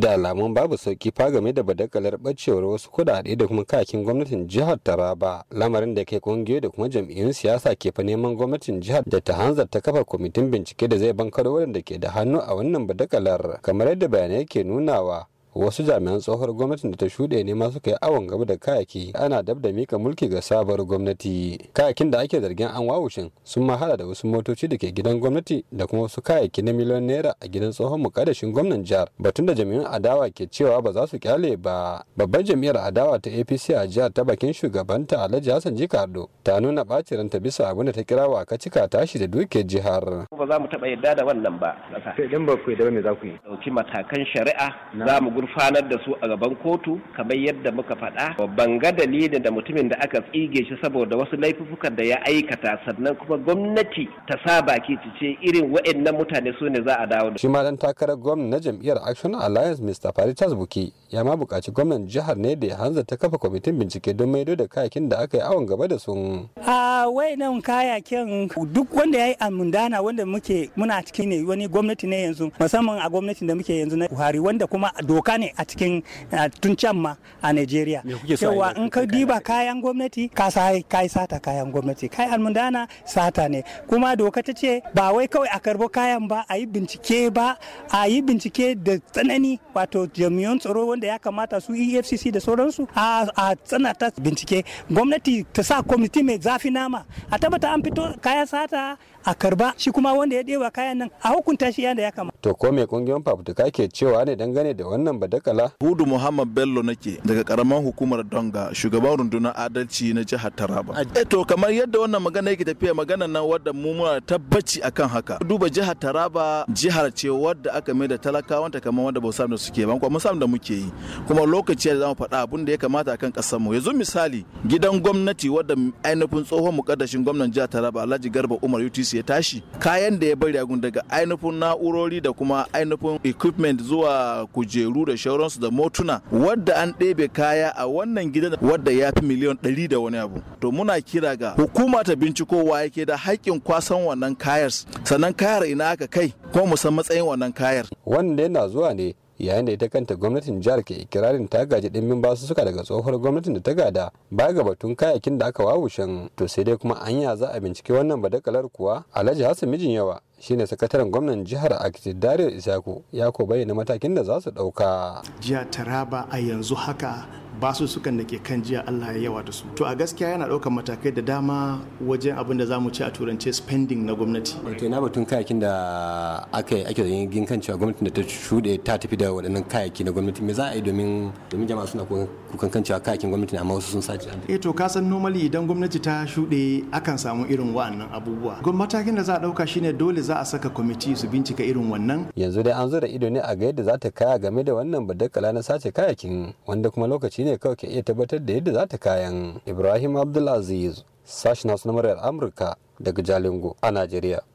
da alamun babu sauki fa game da badakalar bacewar wasu kudade da kuma kakin gwamnatin jihar taraba lamarin da kai kungiyoyi da kuma jam'iyyun siyasa ke fa neman gwamnatin jihar da ta hanzar ta kafa kwamitin bincike da zai bankaro wadanda ke da hannu a wannan badakalar kamar yadda bayanai ke nunawa wasu jami'an tsohuwar gwamnatin da ta shuɗe ne ma suka yi awon gaba da kayaki ana dab da mika mulki ga sabuwar gwamnati kayakin da ake zargin an wawushin sun ma hada da wasu motoci da ke gidan gwamnati da kuma wasu kayaki na miliyon naira a gidan tsohon mukaddashin gwamnan jihar batun da jami'an adawa ke cewa ba za su kyale ba babban jami'ar adawa ta apc a jihar ta bakin shugabanta alhaji hassan jikardo ta nuna ɓacin ta bisa abin da ta kira wa kacika tashi da duke jihar ba za mu taɓa yarda da wannan ba ba ku yarda me za ku yi matakan shari'a za mu gurfanar da su a gaban kotu kamar yadda muka faɗa babban ga dalilin da mutumin da aka tsige shi saboda wasu laifukan da ya aikata sannan kuma gwamnati ta sa baki ci ce irin waɗannan mutane su ne za a dawo da shi ma dan takarar gwamnati na jam'iyyar Action Alliance Mr. Faritas Buki ya ma buƙaci gwamnan jihar ne da ya hanza ta kafa kwamitin bincike don maido da kayakin da aka yi awon gaba da su a kaya kayakin duk wanda ya yi amundana wanda muke muna cikin ne wani gwamnati ne yanzu musamman a gwamnatin da muke yanzu na Buhari wanda kuma doka ne a cikin tun can ma a Najeriya. Cewa in ka diba kayan gwamnati ka sai kai sata kayan gwamnati kai almundana sata ne kuma doka ta ce ba wai kawai a karbo kayan ba a yi bincike ba a yi bincike da tsanani wato jami'an tsaro wanda ya kamata su EFCC da sauransu a tsanata bincike gwamnati ta sa kwamiti mai zafi nama a tabbata an fito kaya sata a karba shi kuma wanda ya ɗewa kayan nan a hukunta shi yadda ya kamata. To ko me kungiyar fafutuka ke cewa ne dangane da wannan Dakala. hudu muhammad bello nake daga karamar hukumar donga shugaban rundunar adalci na jihar taraba eh to kamar yadda wannan magana yake tafiya magana nan wadda mu muna tabbaci akan haka duba jihar taraba jihar ce wadda aka mai da ta kamar wadda ba da suke ba kuma samu da muke yi kuma lokaci da zamu faɗa abin da ya kamata akan ƙasar mu yanzu misali gidan gwamnati wadda ainihin tsohon mukaddashin gwamnan jihar taraba alhaji garba umar utc ya tashi kayan da ya bari a daga ainihin na'urori da kuma ainihin equipment zuwa kujeru da shauransu da motuna wadda an ɗebe kaya a wannan gidan wadda ya fi miliyan ɗari da wani abu to muna kira ga hukuma ta bincikowa yake da haƙƙin kwasan wannan kayar sannan kayar ina aka kai ko musan matsayin wannan kayar wanda yana zuwa ne yayin da ita kanta gwamnatin jihar ke ikirarin ta gaji dimbin basu suka daga tsohuwar gwamnatin da ta gada ba ga batun kayakin da aka wawushen to sai dai kuma anya za a bincike wannan badakalar kuwa alhaji hassan mijin yawa shine sakataren gwamnan jihar akitid dariyar isaku ya ko bayyana matakin da za su dauka jiya taraba a yanzu haka sukan da ke kan jiya Allah ya yawa da su to a gaskiya yana daukan matakai da dama wajen abin da za mu ce a turance spending na gwamnati wato na batun kayakin da aka ake zargin kan cewa gwamnatin da ta shuɗe ta tafi da waɗannan kayaki na gwamnati me za a yi domin jama'a suna kukan kan cewa kayakin gwamnati ne amma wasu sun sace eh to ka san normally idan gwamnati ta shuɗe akan samu irin wa'annan abubuwa matakin da za a ɗauka shine dole za a saka kwamiti su bincika irin wannan yanzu dai an zo da ido ne a ga yadda za ta kaya game da wannan badakala na sace kayakin wanda kuma lokaci ne kawai ke iya tabbatar da yadda za ta kayan ibrahim abdulaziz sashen hausa na amurka daga jalingo a najeriya